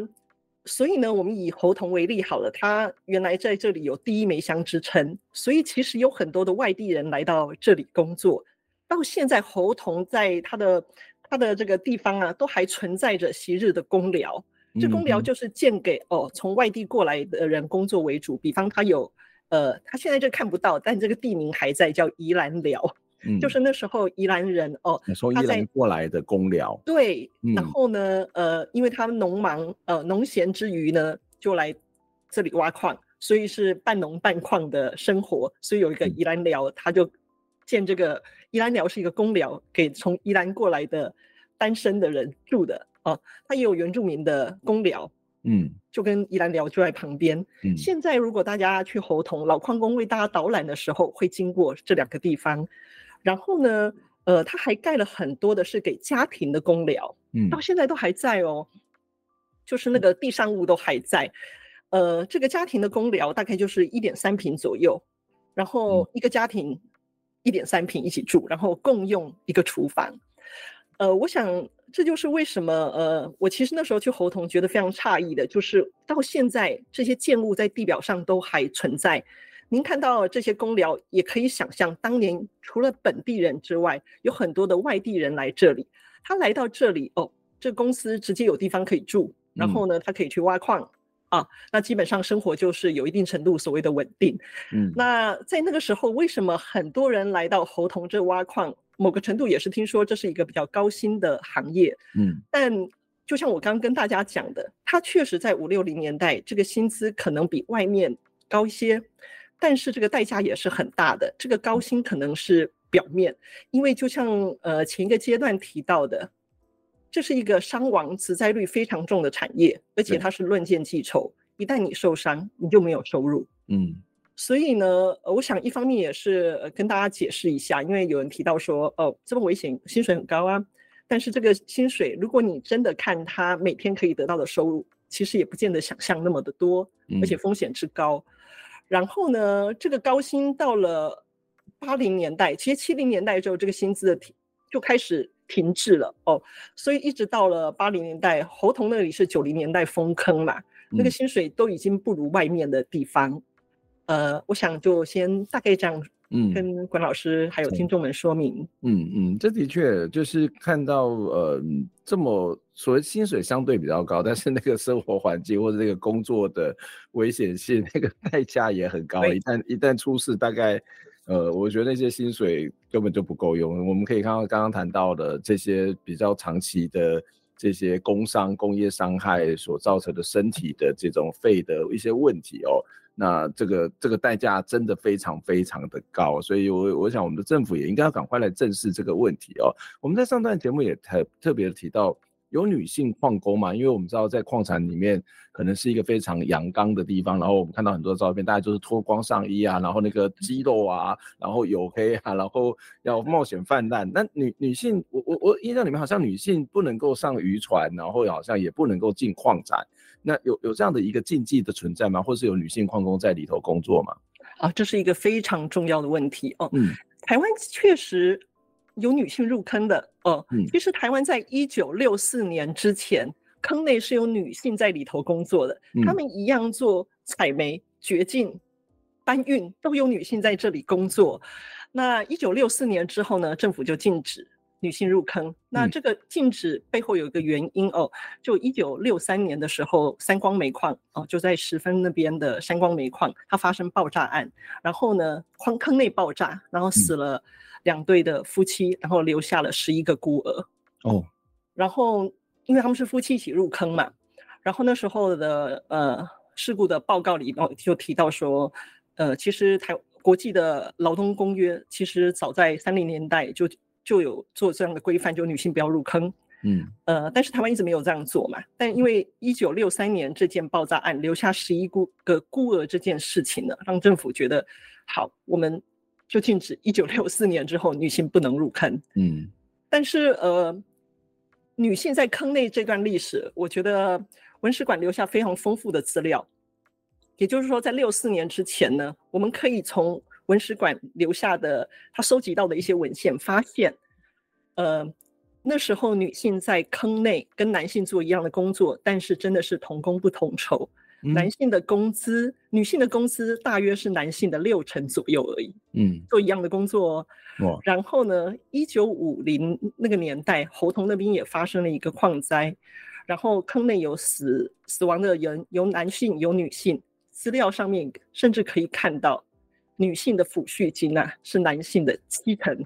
所以呢，我們以猴硐為例好了，他原來在這裡有第一煤鄉之稱，所以其實有很多的外地人來到這裡工作。到現在，猴硐在他的。它的這個地方啊，都還存在着昔日的工寮，這工寮就是建給、嗯、哦，從外地過來的人工作為主。比方他有，呃，他現在就看不到，但這個地名還在，叫宜蘭寮，嗯、就是那時候宜蘭人哦，那時候宜蘭過來的工寮、嗯。對，然後呢，呃，因為他們農忙，呃，農閒之餘呢，就來這裡挖礦，所以是半農半礦的生活。所以有一個宜蘭寮，嗯、他就建這個。宜蘭寮是一個公寮，給從宜蘭過來的單身的人住的啊。它也有原住民的公寮，嗯，就跟宜蘭寮住在旁邊、嗯。現在如果大家去猴硐，老礦工為大家導覽的時候，會經過這兩個地方。然後呢，呃，他還蓋了很多的是給家庭的公寮，嗯，到現在都還在哦，嗯、就是那個地上物都還在。呃，這個家庭的公寮大概就是一點三坪左右，然後一個家庭。嗯一點三坪一起住，然後共用一個廚房。呃，我想這就是為什麼呃，我其實那時候去猴硐覺得非常詫異的，就是到現在這些建物在地表上都還存在。您看到這些工寮，也可以想象當年除了本地人之外，有很多的外地人來這裡。他來到這裡，哦，這公司直接有地方可以住，然後呢，他可以去挖礦。嗯啊、哦，那基本上生活就是有一定程度所謂的穩定，嗯，那在那個時候，為什麼很多人來到猴硐這挖礦？某個程度也是聽說這是一個比較高薪的行業，嗯，但就像我剛剛跟大家講的，它確實在五六零年代這個薪資可能比外面高一些，但是這個代價也是很大的，這個高薪可能是表面，因為就像呃前一個階段提到的。這是一個傷亡、死災率非常重的產業，而且它是論件計酬。一旦你受傷，你就沒有收入。嗯，所以呢，我想一方面也是跟大家解釋一下，因為有人提到說，哦，這麼危險，薪水很高啊。但是這個薪水，如果你真的看它每天可以得到的收入，其實也不見得想象那麼的多，而且風險之高。嗯、然後呢，這個高薪到了八零年代，其實七零年代之後，這個薪資的就開始。停滯了哦，所以一直到了八零年代，猴硐那裡是九零年代封坑嘛，那個薪水都已經不如外面的地方。嗯、呃，我想就先大概這樣，嗯，跟管老師還有聽眾們說明。嗯嗯,嗯，這的確就是看到呃，這麼所謂薪水相對比較高，但是那個生活環境或者那個工作的危險性，那個代價也很高，一旦一旦出事大概。呃，我覺得那些薪水根本就不夠用。我們可以看到剛剛談到的這些比較長期的這些工傷、工業傷害所造成的身體的這種肺的一些問題哦，那這個這個代價真的非常非常的高。所以我，我我想我們的政府也應該要趕快來正視這個問題哦。我們在上段節目也特特別提到。有女性礦工嗎？因為我們知道在礦產裡面可能是一個非常陽剛的地方，然後我們看到很多照片，大家就是脫光上衣啊，然後那個肌肉啊，然後黝黑啊，然後要冒險犯難。那女女性，我我我印象裡面好像女性不能夠上漁船，然後好像也不能夠進礦產。那有有這樣的一個禁忌的存在嗎？或是有女性礦工在裡頭工作嗎？啊，這是一個非常重要的問題哦。嗯，台灣確實有女性入坑的哦、嗯，其實台灣在一九六四年之前，坑內是有女性在裡頭工作的，她、嗯、們一樣做採煤、掘進、搬運，都有女性在這裡工作。那一九六四年之後呢，政府就禁止女性入坑。那這個禁止背後有一個原因、嗯、哦，就一九六三年的時候，三光煤礦哦，就在十分那邊的三光煤礦，它發生爆炸案，然後呢，礦坑、坑內爆炸，然後死了、嗯。兩對的夫妻，然後留下了十一個孤兒。哦，然後因為他們是夫妻一起入坑嘛，然後那時候的呃事故的報告裡，就提到說，呃，其實台國際的勞動公約，其實早在三零年代就就有做這樣的規範，就女性不要入坑。嗯，呃，但是台灣一直沒有這樣做嘛。但因為一九六三年這件爆炸案留下十一個孤兒這件事情呢，讓政府覺得好，我們，就禁止一九六四年之後，女性不能入坑。嗯，但是呃，女性在坑內這段歷史，我覺得文史館留下非常豐富的資料。也就是說，在六四年之前呢，我們可以從文史館留下的他收集到的一些文獻發現，呃，那時候女性在坑內跟男性做一樣的工作，但是真的是同工不同酬。男性的工資，女性的工資大約是男性的六成左右而已。嗯，做一樣的工作。哦。然後呢，一九五零那個年代，猴硐那邊也發生了一個礦災，然後坑內有死死亡的人，有男性，有女性。資料上面甚至可以看到，女性的撫恤金啊，是男性的七成。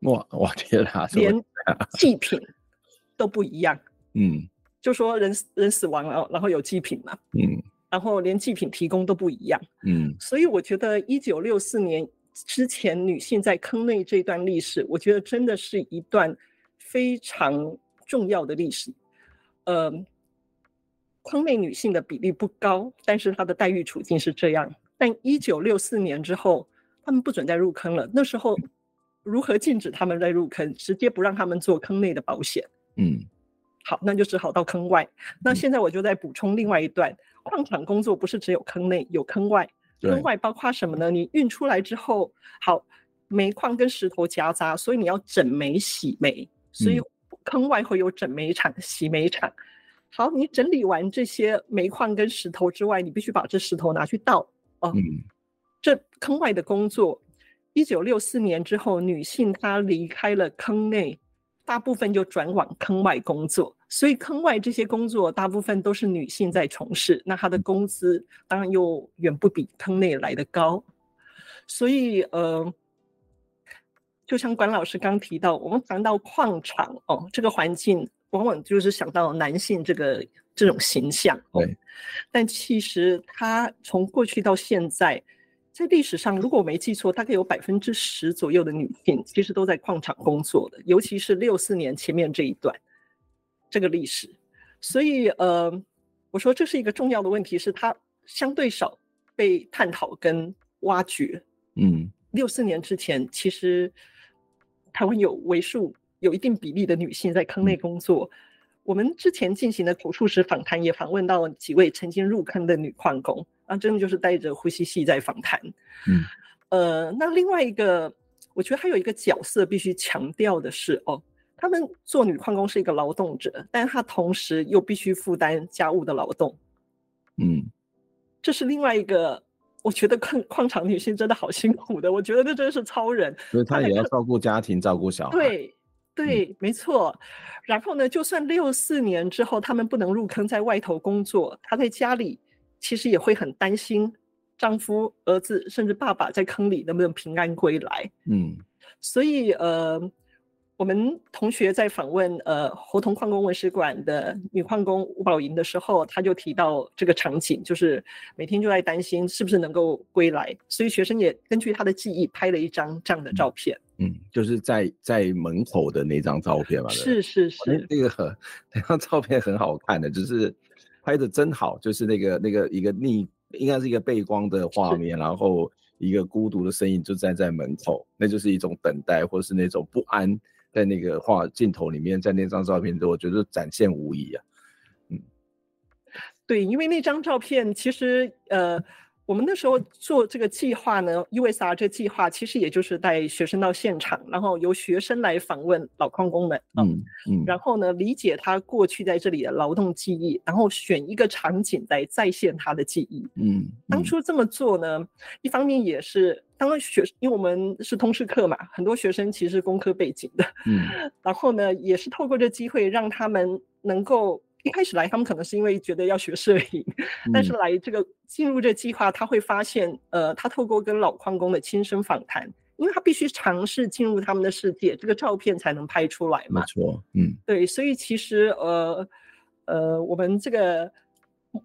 哇！我天哪，哪，連祭品都不一樣。嗯。就說人人死亡了，然後有祭品嘛，嗯，然後連祭品提供都不一樣，嗯，所以我覺得一九六四年之前女性在坑內這段歷史，我覺得真的是一段非常重要的歷史。呃，坑內女性的比例不高，但是她的待遇處境是這樣。但一九六四年之後，她們不准再入坑了。那時候如何禁止她們再入坑？直接不讓她們做坑內的保險，嗯。好，那就只好到坑外。那現在我就再補充另外一段、嗯，礦場工作不是只有坑內，有坑外。坑外包括什麼呢？你運出來之後，好，煤礦跟石頭夾雜，所以你要整煤、洗煤，所以坑外會有整煤廠、嗯、洗煤廠。好，你整理完這些煤礦跟石頭之外，你必須把這石頭拿去倒、哦、嗯，這坑外的工作，一九六四年之後，女性她離開了坑內。大部分就轉往坑外工作，所以坑外這些工作大部分都是女性在從事，那她的工資當然又遠不比坑內來得高。所以，呃，就像管老師剛提到，我們談到礦場哦，這個環境往往就是想到男性這個這種形象，哦，對。但其實他從過去到現在。在歷史上，如果我沒記錯，大概有百分之十左右的女性其實都在礦場工作的，尤其是六四年前面這一段這個歷史。所以，呃，我說這是一個重要的問題，是它相對少被探討跟挖掘。嗯，六四年之前，其實台灣有為數有一定比例的女性在坑內工作。嗯，我們之前進行的口述史訪談也訪問到了幾位曾經入坑的女礦工。啊，真的就是帶着呼吸器在訪談。嗯，呃，那另外一個，我覺得還有一個角色必須強調的是，哦，她們做女礦工是一個勞動者，但她同時又必須負擔家務的勞動。嗯，這是另外一個，我覺得礦礦場女性真的好辛苦的，我覺得這真的是超人，所以她也要照顧家庭、照顧小孩。對，對，沒錯。然後呢，就算六四年之後她們不能入坑，在外頭工作，她在家裡。其實也會很擔心丈夫、兒子，甚至爸爸在坑裡能不能平安歸來。嗯，所以呃，我們同學在訪問呃猴硐礦工文史館的女礦工吳寶瑩的時候，她就提到這個場景，就是每天就在擔心是不是能夠歸來。所以學生也根據她的記憶拍了一張這樣的照片。嗯，嗯，就是在在門口的那張照片嘛？是是是，那個那張照片很好看的，就是。拍的真好，就是那個那個一個逆，應該是一個背光的畫面，然後一個孤獨的身影就站在門口，那就是一種等待或是那種不安，在那個畫鏡頭裡面，在那張照片中，我覺得展現無遺啊，嗯，對，因為那張照片其實呃。 我們那時候做這個計劃呢，USR 這個計劃其實也就是帶學生到現場，然後由學生來訪問老礦工們，嗯嗯，然後呢，理解他過去在這裡的勞動記憶，然後選一個場景來再現他的記憶。嗯，嗯當初這麼做呢，一方面也是當學，因為我們是通識課嘛，很多學生其實是工科背景的，嗯，然後呢，也是透過這機會讓他們能夠。一開始來，他們可能是因為覺得要學攝影，但是來這個進入這計劃，他會發現，嗯，呃，他透過跟老礦工的親身訪談，因為他必須嘗試進入他們的世界，這個照片才能拍出來嘛。沒錯，嗯，對，所以其實呃呃，我們這個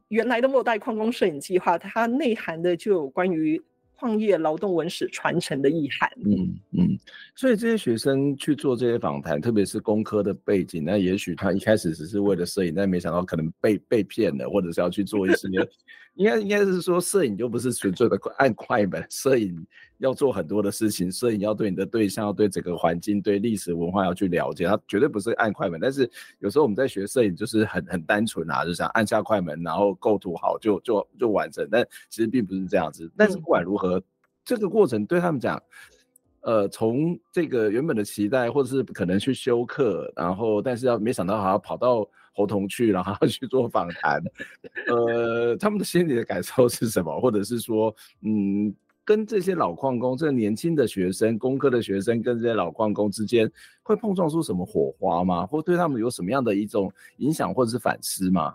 原來的末代礦工攝影計劃，它內涵的就有關於。礦業、勞動、文史傳承的意涵。嗯嗯，所以這些學生去做這些訪談，特別是工科的背景，那也許他一開始只是為了攝影，但沒想到可能被被騙了，或者是要去做一些， 應該應該是說攝影就不是純粹的按快門，攝影。要做很多的事情，攝影要對你的對象，要對整個環境，對歷史文化要去了解，他絕對不是按快門。但是有時候我們在學攝影，就是很很單純啊，就想按下快門，然後構圖好就就就完成。但其實並不是這樣子。但是不管如何，這個過程對他們講，呃，從這個原本的期待，或者是可能去修課，然後但是要沒想到還要跑到猴硐去，然後去做訪談， 呃，他們的心裡的感受是什麼？或者是說，嗯。跟這些老礦工，這年輕的學生、工科的學生，跟這些老礦工之間，會碰撞出什麼火花嗎？或對他們有什麼樣的一種影響或者是反思嗎？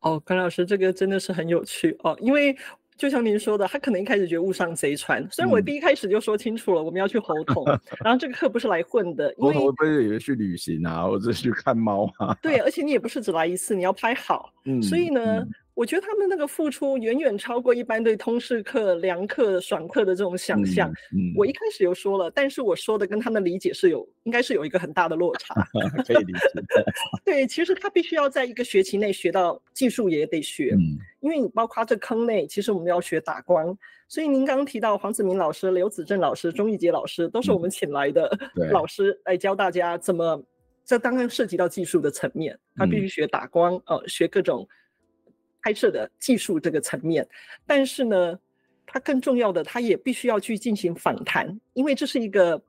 哦，管老師，這個真的是很有趣哦，因為就像您說的，他可能一開始覺得誤上賊船，雖然我第一開始就說清楚了，嗯、我們要去猴硐然後這個課不是來混的，猴硐不是以為去旅行啊，或者去看貓啊。對，而且你也不是只來一次，你要拍好，嗯，所以呢。嗯我覺得他們那個付出遠遠超過一般對通識課、涼課、爽課的這種想象。嗯嗯、我一開始有說了，但是我說的跟他們理解是有，應該是有一個很大的落差。 可以理解 對，其實他必須要在一個學期內學到技術，也得學。嗯、因為你包括這坑內，其實我們要學打光，所以您剛提到黃子明老師、劉子正老師、鍾玉杰老師都是我們請來的老師來教大家怎麼、嗯。這當然涉及到技術的層面，他必須學打光，嗯、呃，學各種。拍攝的技術這個層面，但是呢，它更重要的，它也必須要去進行訪談，因為這是一個，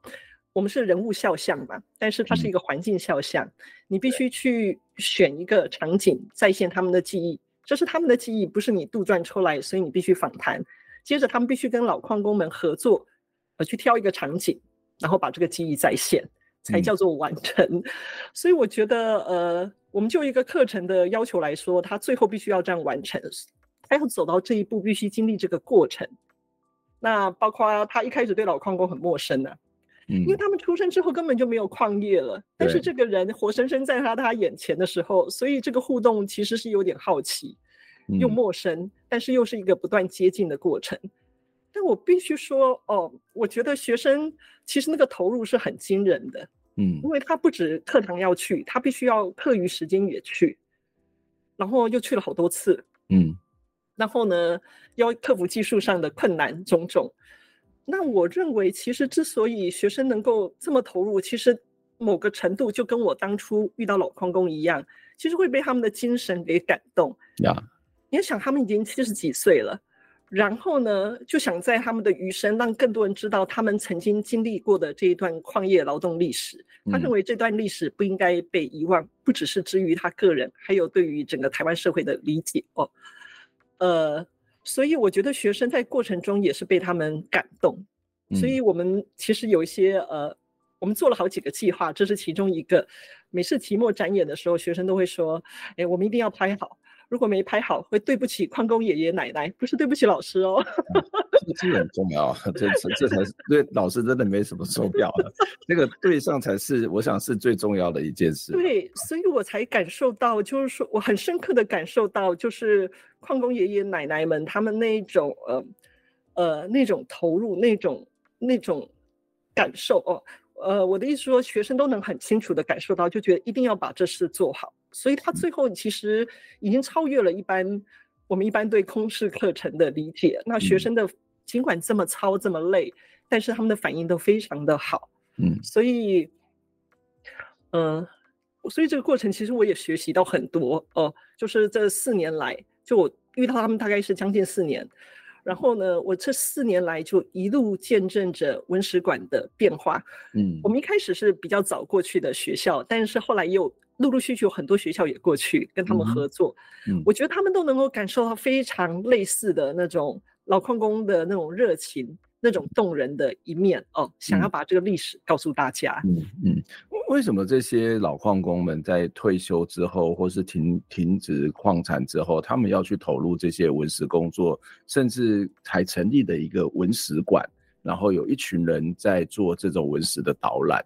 我們是人物肖像嘛，但是它是一個環境肖像，嗯。你必須去選一個場景再現他們的記憶，這是他們的記憶，不是你杜撰出來，所以你必須訪談。接着，他們必須跟老礦工們合作，呃，去挑一個場景，然後把這個記憶再現。才叫做完成，所以我覺得，呃，我們就一個課程的要求來說，他最後必須要這樣完成，他要走到這一步，必須經歷這個過程。那包括他一開始對老礦工很陌生呢，啊，因為他們出生之後根本就沒有礦業了。嗯，但是這個人活生生在他他眼前的時候，所以這個互動其實是有點好奇，又陌生，但是又是一個不斷接近的過程。但我必須說，哦，我覺得學生其實那個投入是很驚人的。嗯，因為他不止課堂要去，他必須要課餘時間也去，然後又去了好多次，嗯，然後呢，要克服技術上的困難種種。那我認為，其實之所以學生能夠這麼投入，其實某個程度就跟我當初遇到老礦工一樣，其實會被他們的精神給感動。呀，嗯，你要想，他們已經七十幾歲了。然後呢，就想在他們的餘生，讓更多人知道他們曾經經歷過的這一段礦業勞動歷史。他認為這段歷史不應該被遺忘，不只是之於他個人，還有對於整個台灣社會的理解哦。呃，所以我覺得學生在過程中也是被他們感動。所以我們其實有一些呃，我們做了好幾個計劃，這是其中一個。每次期末展演的時候，學生都會說：“哎，我們一定要拍好。”如果沒拍好，會對不起礦工爺爺奶奶，不是對不起老師哦。 啊、這個很重要，這這才是對老師真的沒什麼手表 那個對上才是，我想是最重要的一件事。對，所以我才感受到，就是說，我很深刻的感受到，就是礦工爺爺奶奶們他們那種呃呃那種投入，那種那種感受哦。呃，我的意思說，學生都能很清楚的感受到，就覺得一定要把這事做好。所以他最後其實已經超越了一般我們一般對空室課程的理解。那學生的儘管這麼操這麼累，但是他們的反應都非常的好。嗯，所以，呃，所以這個過程其實我也學習到很多哦，呃，就是這四年來，就我遇到他們大概是將近四年，然後呢，我這四年來就一路見證着文史館的變化。嗯，我們一開始是比較早過去的學校，但是後來又。陸陸續續有很多學校也過去跟他們合作，我覺得他們都能夠感受到非常類似的那種老礦工的那種熱情，那種動人的一面哦，想要把這個歷史告訴大家嗯。嗯嗯，為什麼這些老礦工們在退休之後，或是停停止礦產之後，他們要去投入這些文史工作，甚至還成立的一個文史館，然後有一群人在做這種文史的導覽？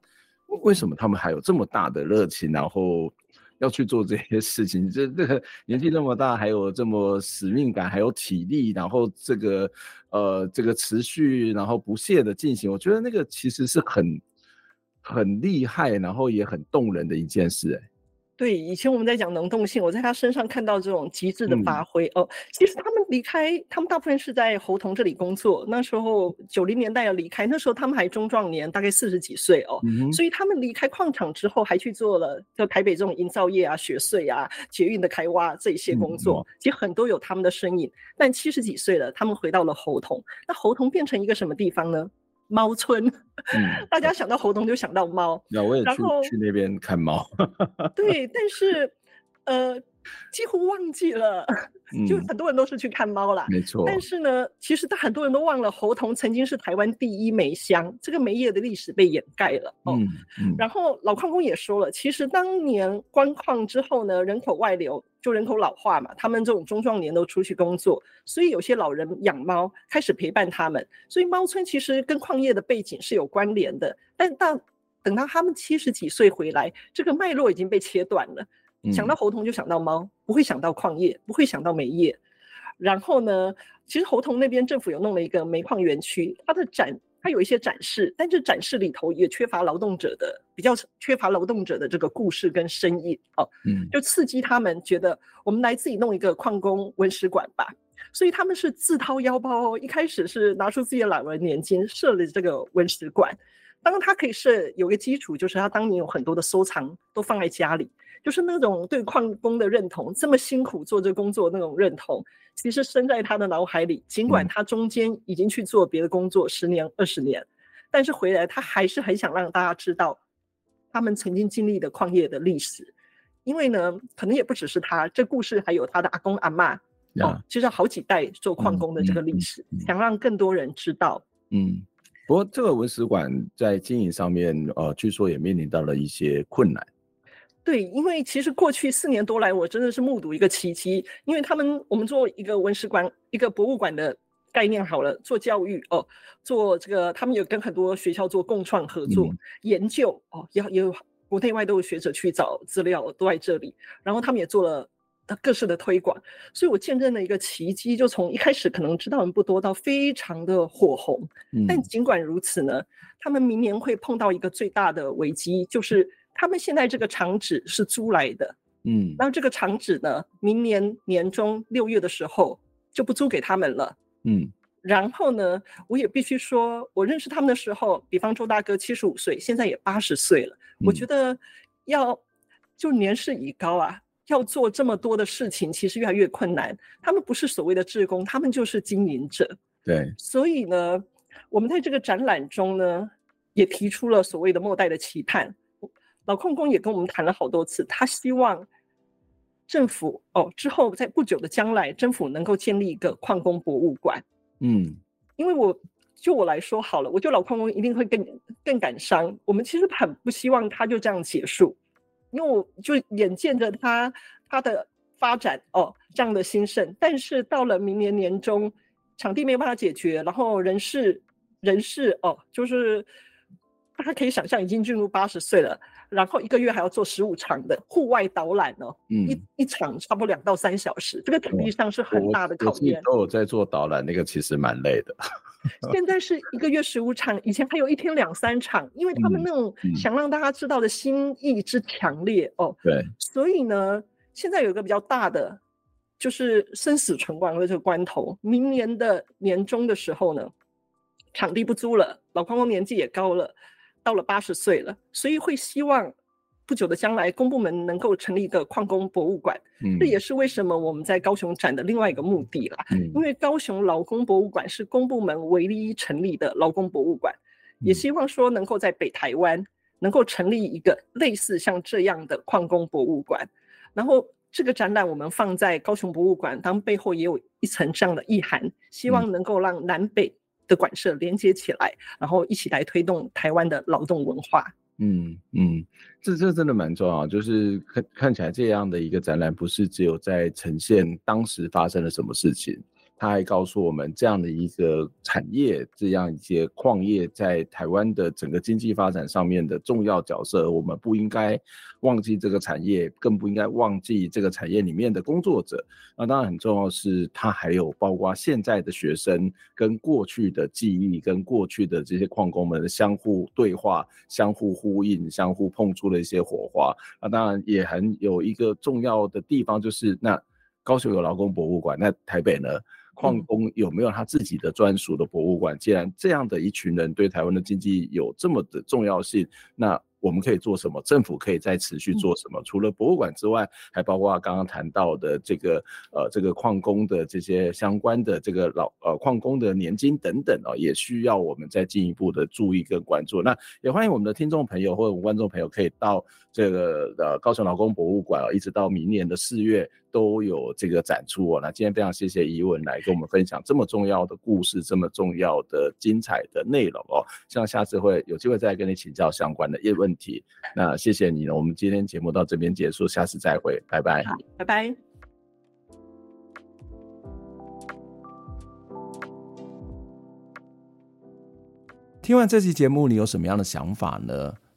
為什麼他們還有這麼大的熱情，然後要去做這些事情？這這個年紀那麼大，還有這麼使命感，還有體力，然後這個呃這個持續，然後不懈的進行，我覺得那個其實是很很厲害，然後也很動人的一件事，欸，對，以前我們在講能動性，我在他身上看到這種極致的發揮、嗯、哦。其實他們離開，他們大部分是在猴硐這裡工作。那時候九零年代要離開，那時候他們還中壯年，大概四十幾歲哦、嗯。所以他們離開礦場之後，還去做了就台北這種營造業啊、雪隧啊、捷運的開挖這些工作、嗯，其實很多有他們的身影。但七十幾歲了，他們回到了猴硐。那猴硐變成一個什麼地方呢？貓村、嗯，大家想到猴硐就想到貓、嗯。然後去那邊看貓。 對，但是，呃，幾乎忘記了，嗯、就很多人都是去看貓啦。沒錯。但是呢，其實，但很多人都忘了猴硐曾經是台灣第一煤鄉，這個煤業的歷史被掩蓋了、哦嗯。嗯。然後老礦工也說了，其實當年關礦之後呢，人口外流。就人口老化嘛，他們這種中壯年都出去工作，所以有些老人養貓，開始陪伴他們。所以貓村其實跟礦業的背景是有關聯的。但到等到他們七十幾歲回來，這個脈絡已經被切斷了。想到猴硐就想到貓，不會想到礦業，不會想到煤業。然後呢，其實猴硐那邊政府有弄了一個煤礦園區，它的展。它有一些展示，但這展示裡頭也缺乏勞動者的，比較缺乏勞動者的這個故事跟聲音哦，就刺激他們覺得我們來自己弄一個礦工文史館吧，所以他們是自掏腰包，一開始是拿出自己的老人年金設了這個文史館。當然，他可以是有一個基礎，就是他當年有很多的收藏都放在家裡，就是那種對礦工的認同，這麼辛苦做這工作那種認同，其實深在他的腦海裡。儘管他中間已經去做別的工作十年、嗯、二十年，但是回來他還是很想讓大家知道他們曾經經歷的礦業的歷史，因為呢，可能也不只是他這故事，還有他的阿公阿嬤、哦，其就是好幾代做礦工的這個歷史，嗯嗯嗯嗯、想讓更多人知道。嗯。不過，這個文史館在經營上面，呃，據說也面臨到了一些困難。對，因為其實過去四年多來，我真的是目睹一個奇蹟。因為他們，我們做一個文史館、一個博物館的概念好了，做教育哦，做這個，他們有跟很多學校做共創合作、嗯、研究哦，也也有國內外都有學者去找資料都在這裡，然後他們也做了。各式的推廣，所以我見證了一個奇蹟，就從一開始可能知道人不多，到非常的火紅。但儘管如此呢，嗯，他們明年會碰到一個最大的危機，就是他們現在這個廠址是租來的，嗯，然後這個廠址呢，明年年中六月的時候就不租給他們了，嗯。然後呢，我也必須說，我認識他們的時候，比方周大哥七十五歲，現在也八十歲了，我覺得要就年事已高啊。嗯要做這麼多的事情，其實越來越困難。他們不是所謂的志工，他們就是經營者。對，所以呢，我們在這個展覽中呢，也提出了所謂的末代的期盼。老礦工也跟我們談了好多次，他希望政府哦，之後在不久的將來，政府能夠建立一個礦工博物館。嗯，因為我就我來說好了，我覺得老礦工一定會更更感傷。我們其實很不希望他就這樣結束。因為我就眼見着他他的發展哦，這樣的興盛，但是到了明年年中，場地沒有辦法解決，然後人事人事哦，就是大家可以想象已經進入八十歲了，然後一個月還要做十五場的戶外導覽哦、嗯，一一場差不多兩到三小時，這個體力上是很大的考驗。嗯、我有在做導覽，那個其實蠻累的。 現在是一個月十五場，以前還有一天兩三場，因為他們那種想讓大家知道的心意之強烈、嗯、哦對。所以呢，現在有一個比較大的，就是生死存亡的這個關頭。明年的年終的時候呢，場地不租了，老礦工年紀也高了，到了八十歲了，所以會希望。不久的將來，公部門能夠成立一個礦工博物館、嗯，這也是為什麼我們在高雄展的另外一個目的啦。嗯、因為高雄勞工博物館是公部門唯一成立的勞工博物館、嗯，也希望說能夠在北台灣能夠成立一個類似像這樣的礦工博物館。然後這個展覽我們放在高雄博物館，當背後也有一層這樣的意涵，希望能夠讓南北的館舍連接起來、嗯，然後一起來推動台灣的勞動文化。嗯嗯，這這真的蠻重要，就是看看起來這樣的一個展覽，不是只有在呈現當時發生了什麼事情。他還告訴我們，這樣的一個產業，這樣一些礦業，在台灣的整個經濟發展上面的重要角色，我們不應該忘記這個產業，更不應該忘記這個產業裡面的工作者。那當然很重要是，他還有包括現在的學生跟過去的記憶，跟過去的這些礦工們相互對話、相互呼應、相互碰出了一些火花。那當然也很有一個重要的地方，就是那高雄有勞工博物館，那台北呢？礦工有沒有他自己的專屬的博物館，嗯？既然這樣的一群人對台灣的經濟有這麼的重要性，那我們可以做什麼？政府可以再持續做什麼？嗯、除了博物館之外，還包括剛剛談到的這個呃，這個礦工的這些相關的這個老呃礦工的年金等等哦，也需要我們再進一步的注意跟關注。那也歡迎我們的聽眾朋友或者觀眾朋友可以到。這個呃高雄勞工博物館，哦，一直到明年的四月都有這個展出哦。那今天非常謝謝怡雯來跟我們分享這麼重要的故事，這麼重要的精彩的內容哦。希望下次會有機會再跟你請教相關的一些問題。那謝謝你了，我們今天節目到這邊結束，下次再會，拜拜。好，拜拜。聽完這期節目，你有什麼樣的想法呢？